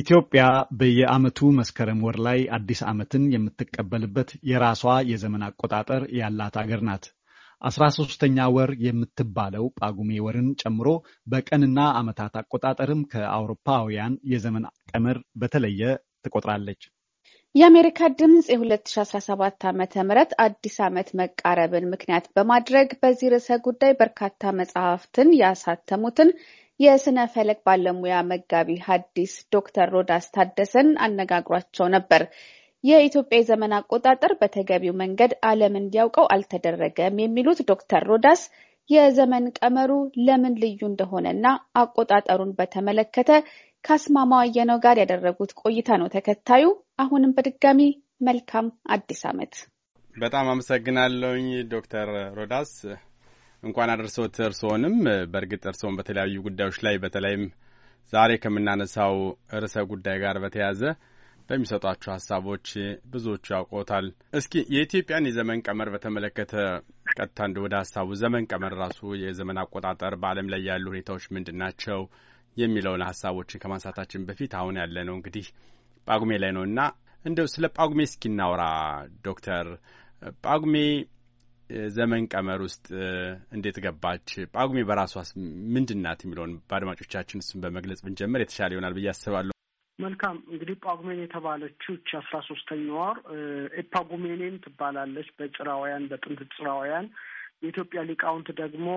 ኢትዮጵያ በየዓመቱ መስከረም ወር ላይ አዲስ ዓመትን የምትቀበልበት የራሷ የዘመን አቆጣጠር ያላት አገር ናት። አስራ ሶስተኛ ወር የምትባለው ጳጉሜ ወርን ጨምሮ በቀንና ዓመታት አቆጣጠርም ከአውሮፓውያን የዘመን ቀመር በተለየ ትቆጥራለች። የአሜሪካ ድምፅ የ2017 ዓ.ም አዲስ ዓመት መቃረብን ምክንያት በማድረግ በዚህ ርዕሰ ጉዳይ በርካታ መጽሐፍትን ያሳተሙትን የስነ ፈለክ ባለሙያ መጋቢ ሐዲስ ዶክተር ሮዳስ ታደሰን አነጋግሯቸው ነበር። የኢትዮጵያ የዘመን አቆጣጠር በተገቢው መንገድ ዓለም እንዲያውቀው አልተደረገም የሚሉት ዶክተር ሮዳስ የዘመን ቀመሩ ለምን ልዩ እንደሆነና አቆጣጠሩን በተመለከተ ከአስማማ አየነው ጋር ያደረጉት ቆይታ ነው ተከታዩ። አሁንም በድጋሚ መልካም አዲስ ዓመት። በጣም አመሰግናለሁኝ ዶክተር ሮዳስ። እንኳን አደርሶት እርስዎንም። በእርግጥ እርስዎን በተለያዩ ጉዳዮች ላይ በተለይም ዛሬ ከምናነሳው ርዕሰ ጉዳይ ጋር በተያያዘ በሚሰጧቸው ሀሳቦች ብዙዎቹ ያውቆታል። እስኪ የኢትዮጵያን የዘመን ቀመር በተመለከተ ቀጥታ እንደ ወደ ሀሳቡ ዘመን ቀመር ራሱ የዘመን አቆጣጠር በዓለም ላይ ያሉ ሁኔታዎች ምንድን ናቸው የሚለውን ሀሳቦችን ከማንሳታችን በፊት አሁን ያለ ነው እንግዲህ ጳጉሜ ላይ ነው እና እንደው ስለ ጳጉሜ እስኪናውራ ዶክተር ጳጉሜ ዘመን ቀመር ውስጥ እንዴት ገባች? ጳጉሜ በራሷስ ምንድን ናት የሚለውን በአድማጮቻችን እሱን በመግለጽ ብንጀምር የተሻለ ይሆናል ብዬ አስባለሁ። መልካም እንግዲህ ጳጉሜን የተባለችው እች አስራ ሶስተኛ ወር ኤፓጉሜኔን ትባላለች። በጭራውያን በጥንት ጭራውያን የኢትዮጵያ ሊቃውንት ደግሞ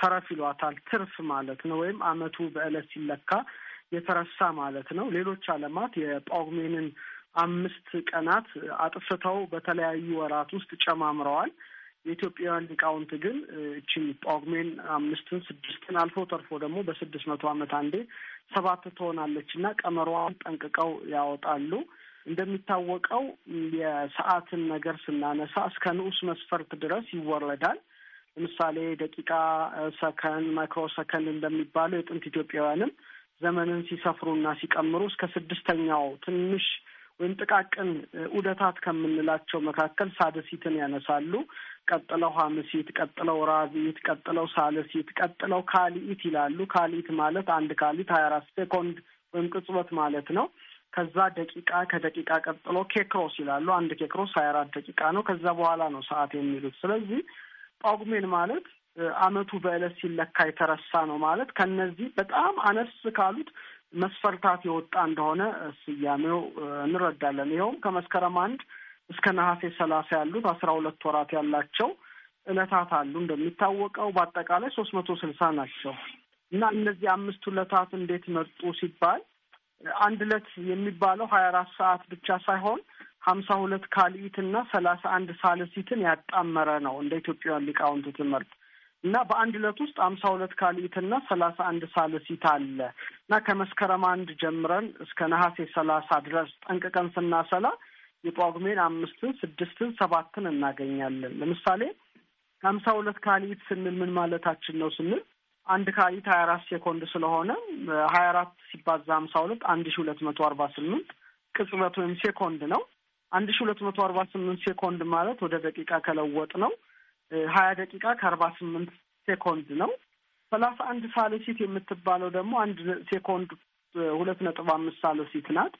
ተረፍ ይሏታል። ትርፍ ማለት ነው። ወይም አመቱ በእለት ሲለካ የተረሳ ማለት ነው። ሌሎች አለማት የጳጉሜንን አምስት ቀናት አጥፍተው በተለያዩ ወራት ውስጥ ጨማምረዋል። የኢትዮጵያውያን ሊቃውንት ግን እችን ጳጉሜን አምስትን ስድስትን አልፎ ተርፎ ደግሞ በስድስት መቶ ዓመት አንዴ ሰባት ትሆናለች እና ቀመሯን ጠንቅቀው ያወጣሉ። እንደሚታወቀው የሰዓትን ነገር ስናነሳ እስከ ንዑስ መስፈርት ድረስ ይወረዳል። ለምሳሌ ደቂቃ፣ ሰከንድ፣ ማይክሮ ሰከንድ እንደሚባለው የጥንት ኢትዮጵያውያንም ዘመንን ሲሰፍሩና ሲቀምሩ እስከ ስድስተኛው ትንሽ ወይም ጥቃቅን ዑደታት ከምንላቸው መካከል ሳደሲትን ያነሳሉ። ቀጥለው ሀምሲት፣ ቀጥለው ራቢት፣ ቀጥለው ሳልሲት፣ ቀጥለው ካልኢት ይላሉ። ካልኢት ማለት አንድ ካልኢት ሀያ አራት ሴኮንድ ወይም ቅጽበት ማለት ነው። ከዛ ደቂቃ፣ ከደቂቃ ቀጥሎ ኬክሮስ ይላሉ። አንድ ኬክሮስ ሀያ አራት ደቂቃ ነው። ከዛ በኋላ ነው ሰዓት የሚሉት። ስለዚህ ጳጉሜን ማለት አመቱ በዕለት ሲለካ የተረሳ ነው ማለት ከነዚህ በጣም አነስ ካሉት መስፈርታት የወጣ እንደሆነ ስያሜው እንረዳለን። ይኸውም ከመስከረም አንድ እስከ ነሐሴ ሰላሳ ያሉት አስራ ሁለት ወራት ያላቸው እለታት አሉ። እንደሚታወቀው በአጠቃላይ ሶስት መቶ ስልሳ ናቸው እና እነዚህ አምስት እለታት እንዴት መጡ ሲባል አንድ እለት የሚባለው ሀያ አራት ሰዓት ብቻ ሳይሆን ሀምሳ ሁለት ካልኢት እና ሰላሳ አንድ ሳልሲትን ያጣመረ ነው እንደ ኢትዮጵያውያን ሊቃውንት ትምህርት እና በአንድ ዕለት ውስጥ አምሳ ሁለት ካልኢት ካልኢትና ሰላሳ አንድ ሳልሲት አለ እና ከመስከረም አንድ ጀምረን እስከ ነሐሴ ሰላሳ ድረስ ጠንቅቀን ስናሰላ የጳጉሜን አምስትን፣ ስድስትን፣ ሰባትን እናገኛለን። ለምሳሌ ከሀምሳ ሁለት ካልኢት ስንል ምን ማለታችን ነው ስንል አንድ ካልኢት ሀያ አራት ሴኮንድ ስለሆነ ሀያ አራት ሲባዛ ሀምሳ ሁለት አንድ ሺ ሁለት መቶ አርባ ስምንት ቅጽበት ወይም ሴኮንድ ነው። አንድ ሺ ሁለት መቶ አርባ ስምንት ሴኮንድ ማለት ወደ ደቂቃ ከለወጥ ነው ሀያ ደቂቃ ከአርባ ስምንት ሴኮንድ ነው። ሰላሳ አንድ ሳሎሲት የምትባለው ደግሞ አንድ ሴኮንድ ሁለት ነጥብ አምስት ሳሎሲት ናት።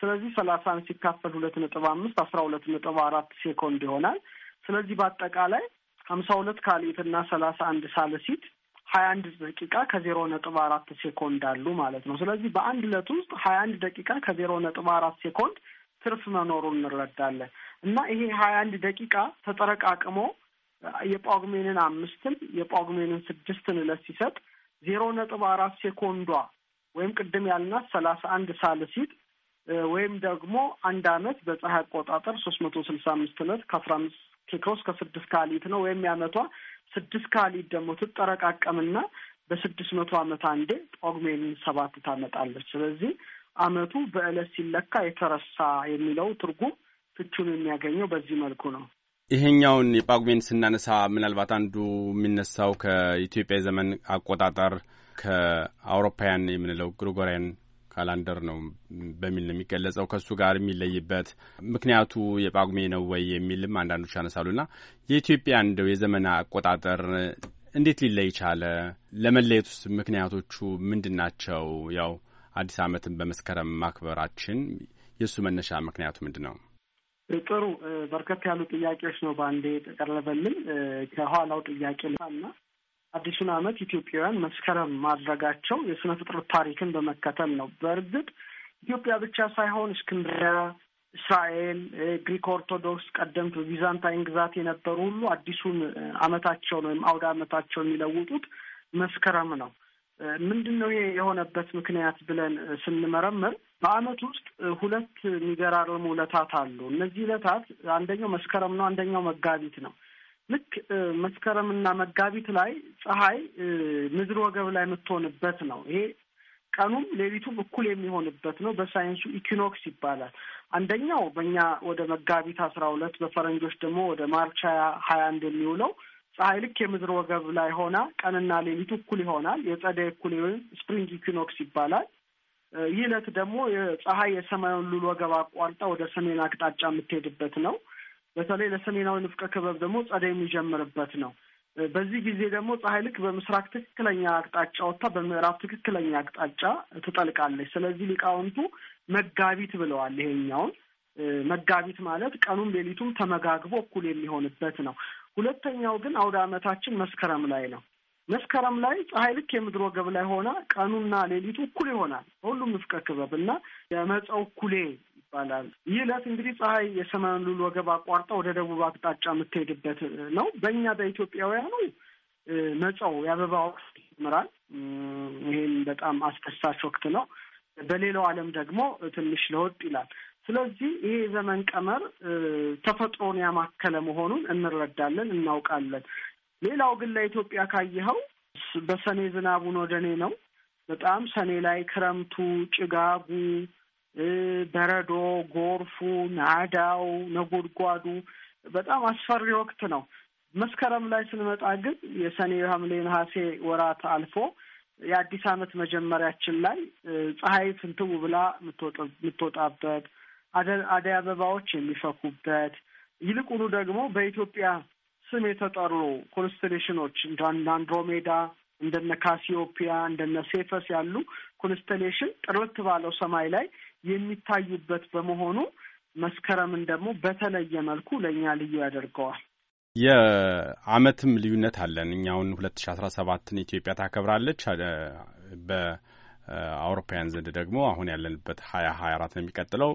ስለዚህ ሰላሳን ሲካፈል ሁለት ነጥብ አምስት አስራ ሁለት ነጥብ አራት ሴኮንድ ይሆናል። ስለዚህ በአጠቃላይ ሀምሳ ሁለት ካሌት እና ሰላሳ አንድ ሳሎሲት ሀያ አንድ ደቂቃ ከዜሮ ነጥብ አራት ሴኮንድ አሉ ማለት ነው። ስለዚህ በአንድ ዕለት ውስጥ ሀያ አንድ ደቂቃ ከዜሮ ነጥብ አራት ሴኮንድ ትርፍ መኖሩን እንረዳለን እና ይሄ ሀያ አንድ ደቂቃ ተጠረቃቅሞ የጳጉሜንን አምስትን የጳጉሜንን ስድስትን እለት ሲሰጥ ዜሮ ነጥብ አራት ሴኮንዷ ወይም ቅድም ያልናት ሰላሳ አንድ ሳልሲት ወይም ደግሞ አንድ አመት በፀሐይ አቆጣጠር ሶስት መቶ ስልሳ አምስት እለት ከአስራ አምስት ኬክሮስ ከስድስት ካሊት ነው ወይም የአመቷ ስድስት ካሊት ደግሞ ትጠረቃቀምና በስድስት መቶ አመት አንዴ ጳጉሜንን ሰባት ታመጣለች። ስለዚህ አመቱ በእለት ሲለካ የተረሳ የሚለው ትርጉም ፍቹን የሚያገኘው በዚህ መልኩ ነው። ይሄኛውን የጳጉሜን ስናነሳ ምናልባት አንዱ የሚነሳው ከኢትዮጵያ የዘመን አቆጣጠር ከአውሮፓውያን የምንለው ግሪጎሪያን ካላንደር ነው በሚል ነው የሚገለጸው። ከእሱ ጋር የሚለይበት ምክንያቱ የጳጉሜ ነው ወይ የሚልም አንዳንዶች ያነሳሉና የኢትዮጵያ እንደው የዘመን አቆጣጠር እንዴት ሊለይ ቻለ? ለመለየት ውስጥ ምክንያቶቹ ምንድን ናቸው? ያው አዲስ ዓመትን በመስከረም ማክበራችን የእሱ መነሻ ምክንያቱ ምንድን ነው? ጥሩ በርከት ያሉ ጥያቄዎች ነው በአንዴ የቀረበልን። ከኋላው ጥያቄ ልና አዲሱን ዓመት ኢትዮጵያውያን መስከረም ማድረጋቸው የስነ ፍጥረት ታሪክን በመከተል ነው። በእርግጥ ኢትዮጵያ ብቻ ሳይሆን እስክንድሪያ፣ እስራኤል፣ ግሪክ ኦርቶዶክስ፣ ቀደምት ቢዛንታይን ግዛት የነበሩ ሁሉ አዲሱን ዓመታቸውን ወይም አውደ ዓመታቸው የሚለውጡት መስከረም ነው። ምንድን ነው ይሄ የሆነበት ምክንያት ብለን ስንመረምር በአመት ውስጥ ሁለት የሚገራርሙ እለታት አሉ። እነዚህ እለታት አንደኛው መስከረም ነው፣ አንደኛው መጋቢት ነው። ልክ መስከረምና መጋቢት ላይ ፀሐይ ምድር ወገብ ላይ የምትሆንበት ነው። ይሄ ቀኑም ሌሊቱም እኩል የሚሆንበት ነው። በሳይንሱ ኢኪኖክስ ይባላል። አንደኛው በእኛ ወደ መጋቢት አስራ ሁለት በፈረንጆች ደግሞ ወደ ማርች ሀያ አንድ የሚውለው ፀሐይ ልክ የምድር ወገብ ላይ ሆና ቀንና ሌሊቱ እኩል ይሆናል። የጸደይ እኩል ወይም ስፕሪንግ ኢኪኖክስ ይባላል። ይህ ዕለት ደግሞ ፀሐይ የሰማዩን ሉል ወገብ አቋርጣ ወደ ሰሜን አቅጣጫ የምትሄድበት ነው። በተለይ ለሰሜናዊ ንፍቀ ክበብ ደግሞ ጸደይ የሚጀምርበት ነው። በዚህ ጊዜ ደግሞ ፀሐይ ልክ በምስራቅ ትክክለኛ አቅጣጫ ወጥታ በምዕራብ ትክክለኛ አቅጣጫ ትጠልቃለች። ስለዚህ ሊቃውንቱ መጋቢት ብለዋል። ይሄኛውን መጋቢት ማለት ቀኑም ሌሊቱም ተመጋግቦ እኩል የሚሆንበት ነው። ሁለተኛው ግን አውደ ዓመታችን መስከረም ላይ ነው። መስከረም ላይ ፀሐይ ልክ የምድር ወገብ ላይ ሆና ቀኑና ሌሊቱ እኩል ይሆናል። ሁሉም ንፍቀ ክበብ እና የመፀው እኩሌ ይባላል። ይህ ዕለት እንግዲህ ፀሐይ የሰሜን ሉል ወገብ አቋርጣ ወደ ደቡብ አቅጣጫ የምትሄድበት ነው። በእኛ በኢትዮጵያውያኑ መፀው የአበባ ወቅት ይጀምራል። ይህም በጣም አስደሳች ወቅት ነው። በሌላው ዓለም ደግሞ ትንሽ ለወጥ ይላል። ስለዚህ ይሄ ዘመን ቀመር ተፈጥሮን ያማከለ መሆኑን እንረዳለን፣ እናውቃለን። ሌላው ግን ለኢትዮጵያ ካየኸው በሰኔ ዝናቡን ወደ እኔ ነው። በጣም ሰኔ ላይ ክረምቱ፣ ጭጋጉ፣ በረዶ፣ ጎርፉ፣ ናዳው፣ ነጎድጓዱ በጣም አስፈሪ ወቅት ነው። መስከረም ላይ ስንመጣ ግን የሰኔ ሐምሌ፣ ነሐሴ ወራት አልፎ የአዲስ ዓመት መጀመሪያችን ላይ ፀሐይ ፍንትው ብላ የምትወጣበት አደይ አበባዎች የሚፈኩበት ይልቁኑ ደግሞ በኢትዮጵያ ስም የተጠሩ ኮንስቴሌሽኖች እንደ አንድሮሜዳ እንደነ ካሲዮፒያ እንደነ ሴፈስ ያሉ ኮንስቴሌሽን ጥርት ባለው ሰማይ ላይ የሚታዩበት በመሆኑ መስከረምን ደግሞ በተለየ መልኩ ለእኛ ልዩ ያደርገዋል። የአመትም ልዩነት አለን። እኛውን ሁለት ሺ አስራ ሰባትን ኢትዮጵያ ታከብራለች በአውሮፓውያን ዘንድ ደግሞ አሁን ያለንበት ሀያ ሀያ አራት ነው የሚቀጥለው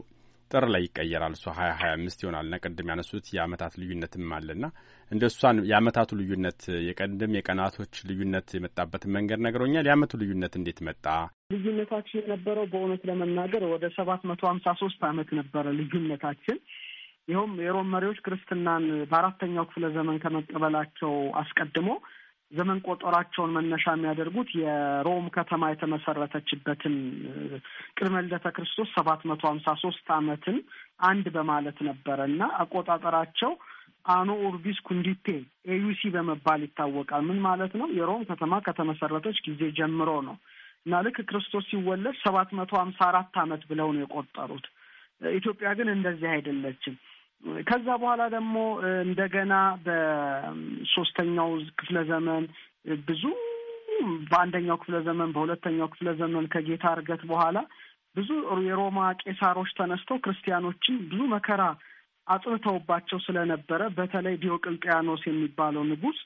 ጥር ላይ ይቀየራል። እሷ ሀያ ሀያ አምስት ይሆናልና ቅድም ያነሱት የአመታት ልዩነትም ና እንደ እሷን የአመታቱ ልዩነት የቀድም የቀናቶች ልዩነት የመጣበትን መንገድ ነግረውኛል። የአመቱ ልዩነት እንዴት መጣ? ልዩነታችን የነበረው በእውነት ለመናገር ወደ ሰባት መቶ ሀምሳ ሶስት አመት ነበረ ልዩነታችን። ይኸውም የሮም መሪዎች ክርስትናን በአራተኛው ክፍለ ዘመን ከመቀበላቸው አስቀድሞ ዘመን ቆጠራቸውን መነሻ የሚያደርጉት የሮም ከተማ የተመሰረተችበትን ቅድመ ልደተ ክርስቶስ ሰባት መቶ ሀምሳ ሶስት አመትን አንድ በማለት ነበረ እና አቆጣጠራቸው አኖ ኡርቢስ ኩንዲቴ ኤዩሲ በመባል ይታወቃል። ምን ማለት ነው? የሮም ከተማ ከተመሰረተች ጊዜ ጀምሮ ነው እና ልክ ክርስቶስ ሲወለድ ሰባት መቶ ሀምሳ አራት አመት ብለው ነው የቆጠሩት። ኢትዮጵያ ግን እንደዚህ አይደለችም። ከዛ በኋላ ደግሞ እንደገና በሶስተኛው ክፍለ ዘመን ብዙ በአንደኛው ክፍለ ዘመን በሁለተኛው ክፍለ ዘመን ከጌታ እርገት በኋላ ብዙ የሮማ ቄሳሮች ተነስተው ክርስቲያኖችን ብዙ መከራ አጽንተውባቸው ስለነበረ በተለይ ዲዮቅልጥያኖስ የሚባለው ንጉስ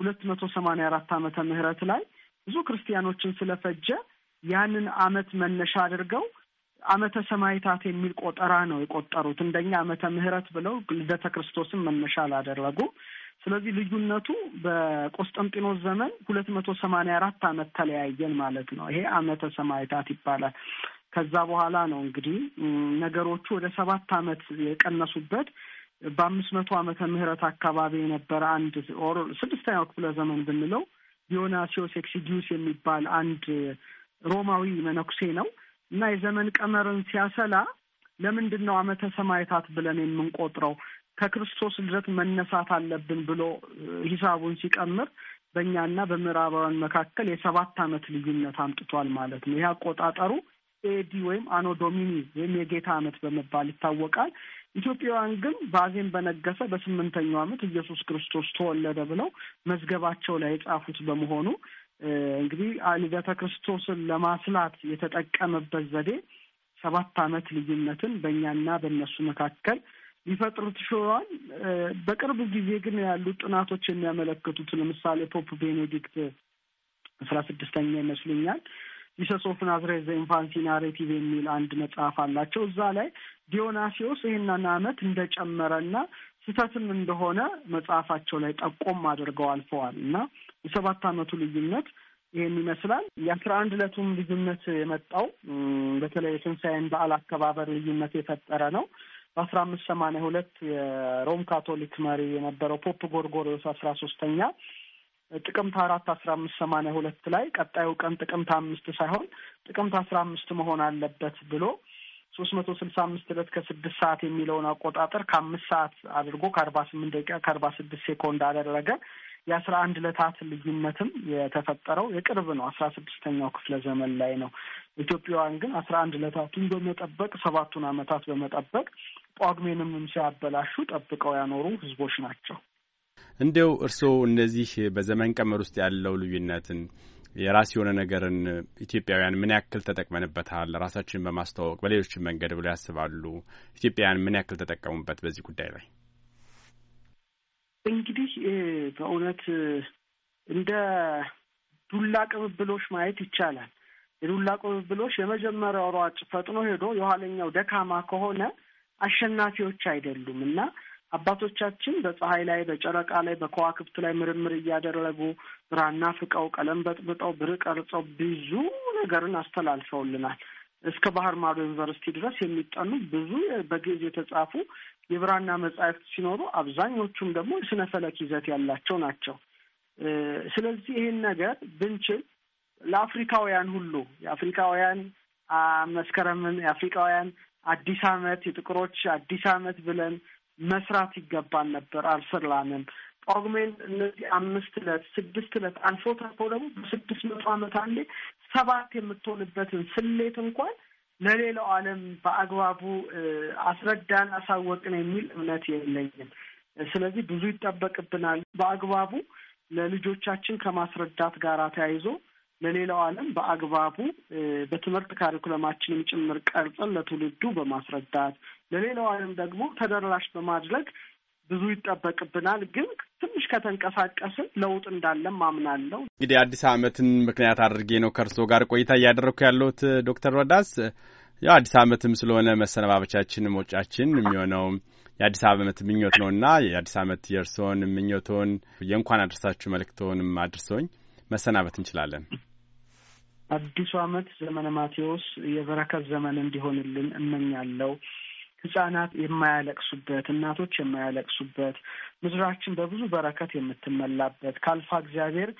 ሁለት መቶ ሰማንያ አራት ዓመተ ምህረት ላይ ብዙ ክርስቲያኖችን ስለፈጀ ያንን አመት መነሻ አድርገው አመተ ሰማይታት የሚል ቆጠራ ነው የቆጠሩት። እንደኛ ዓመተ ምህረት ብለው ልደተ ክርስቶስን መነሻ ላደረጉ ስለዚህ ልዩነቱ በቆስጠንጢኖስ ዘመን ሁለት መቶ ሰማንያ አራት ዓመት ተለያየን ማለት ነው። ይሄ አመተ ሰማይታት ይባላል። ከዛ በኋላ ነው እንግዲህ ነገሮቹ ወደ ሰባት አመት የቀነሱበት በአምስት መቶ ዓመተ ምህረት አካባቢ የነበረ አንድ ኦር ስድስተኛው ክፍለ ዘመን ብንለው ዲዮናሲዮስ ኤክሲጊዩስ የሚባል አንድ ሮማዊ መነኩሴ ነው። እና የዘመን ቀመርን ሲያሰላ ለምንድን ነው አመተ ሰማዕታት ብለን የምንቆጥረው? ከክርስቶስ ልደት መነሳት አለብን ብሎ ሂሳቡን ሲቀምር በእኛና በምዕራባውያን መካከል የሰባት ዓመት ልዩነት አምጥቷል ማለት ነው። ይህ አቆጣጠሩ ኤዲ ወይም አኖ ዶሚኒ ወይም የጌታ ዓመት በመባል ይታወቃል። ኢትዮጵያውያን ግን ባዜን በነገሰ በስምንተኛው ዓመት ኢየሱስ ክርስቶስ ተወለደ ብለው መዝገባቸው ላይ የጻፉት በመሆኑ እንግዲህ ልደተ ክርስቶስን ለማስላት የተጠቀመበት ዘዴ ሰባት ዓመት ልዩነትን በእኛና በእነሱ መካከል ሊፈጥሩ ችለዋል። በቅርብ ጊዜ ግን ያሉ ጥናቶች የሚያመለክቱት ለምሳሌ ፖፕ ቤኔዲክት አስራ ስድስተኛ ይመስሉኛል ጂሰስ ኦፍ ናዝሬት ኢንፋንሲ ናሬቲቭ የሚል አንድ መጽሐፍ አላቸው። እዛ ላይ ዲዮናሲዎስ ይህንን ዓመት እንደጨመረና ስህተትም እንደሆነ መጽሐፋቸው ላይ ጠቆም አድርገው አልፈዋል እና የሰባት አመቱ ልዩነት ይህን ይመስላል። የአስራ አንድ ዕለቱም ልዩነት የመጣው በተለይ የትንሣኤን በዓል አከባበር ልዩነት የፈጠረ ነው። በአስራ አምስት ሰማንያ ሁለት የሮም ካቶሊክ መሪ የነበረው ፖፕ ጎርጎሪዎስ አስራ ሶስተኛ ጥቅምት አራት አስራ አምስት ሰማንያ ሁለት ላይ ቀጣዩ ቀን ጥቅምት አምስት ሳይሆን ጥቅምት አስራ አምስት መሆን አለበት ብሎ ሶስት መቶ ስልሳ አምስት ዕለት ከስድስት ሰዓት የሚለውን አቆጣጠር ከአምስት ሰዓት አድርጎ ከአርባ ስምንት ደቂቃ ከአርባ ስድስት ሴኮንድ አደረገ። የአስራ አንድ ዕለታት ልዩነትም የተፈጠረው የቅርብ ነው። አስራ ስድስተኛው ክፍለ ዘመን ላይ ነው። ኢትዮጵያውያን ግን አስራ አንድ ዕለታቱን በመጠበቅ ሰባቱን ዓመታት በመጠበቅ ጳጉሜንም ሲያበላሹ ጠብቀው ያኖሩ ህዝቦች ናቸው። እንዲው እርስዎ እነዚህ በዘመን ቀመር ውስጥ ያለው ልዩነትን የራስ የሆነ ነገርን ኢትዮጵያውያን ምን ያክል ተጠቅመንበታል፣ ራሳችንን በማስተዋወቅ በሌሎችን መንገድ ብለው ያስባሉ? ኢትዮጵያውያን ምን ያክል ተጠቀሙበት በዚህ ጉዳይ ላይ እንግዲህ በእውነት እንደ ዱላ ቅብብሎች ማየት ይቻላል። የዱላ ቅብብሎች የመጀመሪያው ሯጭ ፈጥኖ ሄዶ የኋለኛው ደካማ ከሆነ አሸናፊዎች አይደሉም እና አባቶቻችን በፀሐይ ላይ በጨረቃ ላይ በከዋክብት ላይ ምርምር እያደረጉ ብራና ፍቀው ቀለም በጥብጠው ብር ቀርጸው ብዙ ነገርን አስተላልፈውልናል። እስከ ባህር ማዶ ዩኒቨርሲቲ ድረስ የሚጠኑ ብዙ በግዕዝ የተጻፉ የብራና መጽሐፍት ሲኖሩ አብዛኞቹም ደግሞ የስነ ፈለክ ይዘት ያላቸው ናቸው። ስለዚህ ይህን ነገር ብንችል ለአፍሪካውያን ሁሉ የአፍሪካውያን መስከረምን፣ የአፍሪካውያን አዲስ ዓመት፣ የጥቁሮች አዲስ ዓመት ብለን መስራት ይገባን ነበር። አልሰራንም። ጳጉሜን እነዚህ አምስት ዕለት ስድስት ዕለት አልፎ ተርፎ ደግሞ በስድስት መቶ ዓመት አንዴ ሰባት የምትሆንበትን ስሌት እንኳን ለሌላው ዓለም በአግባቡ አስረዳን፣ አሳወቅን የሚል እምነት የለኝም። ስለዚህ ብዙ ይጠበቅብናል። በአግባቡ ለልጆቻችን ከማስረዳት ጋር ተያይዞ ለሌላው ዓለም በአግባቡ በትምህርት ካሪኩለማችንም ጭምር ቀርጸን ለትውልዱ በማስረዳት ለሌላው ዓለም ደግሞ ተደራሽ በማድረግ ብዙ ይጠበቅብናል ግን ትንሽ ከተንቀሳቀስን ለውጥ እንዳለም አምናለሁ። እንግዲህ አዲስ አመትን ምክንያት አድርጌ ነው ከእርሶ ጋር ቆይታ እያደረግኩ ያለሁት ዶክተር ሮዳስ ያው አዲስ አመትም ስለሆነ መሰነባበቻችን መውጫችን የሚሆነው የአዲስ አመት ምኞት ነውና የአዲስ ዓመት የእርስዎን ምኞቶን የእንኳን አድርሳችሁ መልእክቶንም አድርሶኝ መሰናበት እንችላለን። አዲሱ ዓመት ዘመነ ማቴዎስ የበረከት ዘመን እንዲሆንልን እመኛለሁ። ህጻናት የማያለቅሱበት፣ እናቶች የማያለቅሱበት፣ ምድራችን በብዙ በረከት የምትመላበት ከአልፋ እግዚአብሔር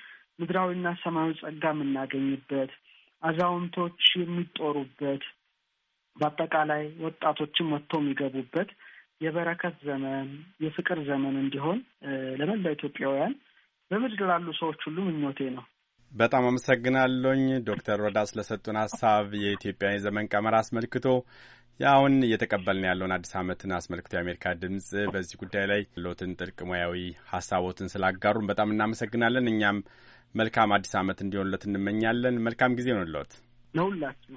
ምድራዊና ሰማያዊ ጸጋ የምናገኝበት፣ አዛውንቶች የሚጦሩበት፣ በአጠቃላይ ወጣቶችም ወጥቶ የሚገቡበት የበረከት ዘመን የፍቅር ዘመን እንዲሆን ለመላ ኢትዮጵያውያን በምድር ላሉ ሰዎች ሁሉ ምኞቴ ነው። በጣም አመሰግናለኝ ዶክተር ሮዳስ ለሰጡን ሀሳብ የኢትዮጵያ የዘመን ቀመር አስመልክቶ አሁን እየተቀበልን ያለውን አዲስ ዓመትን አስመልክቶ የአሜሪካ ድምጽ በዚህ ጉዳይ ላይ ሎትን ጥልቅ ሙያዊ ሀሳቦትን ስላጋሩን በጣም እናመሰግናለን። እኛም መልካም አዲስ ዓመት እንዲሆንለት እንመኛለን። መልካም ጊዜ ይሆንለት ለሁላችሁ።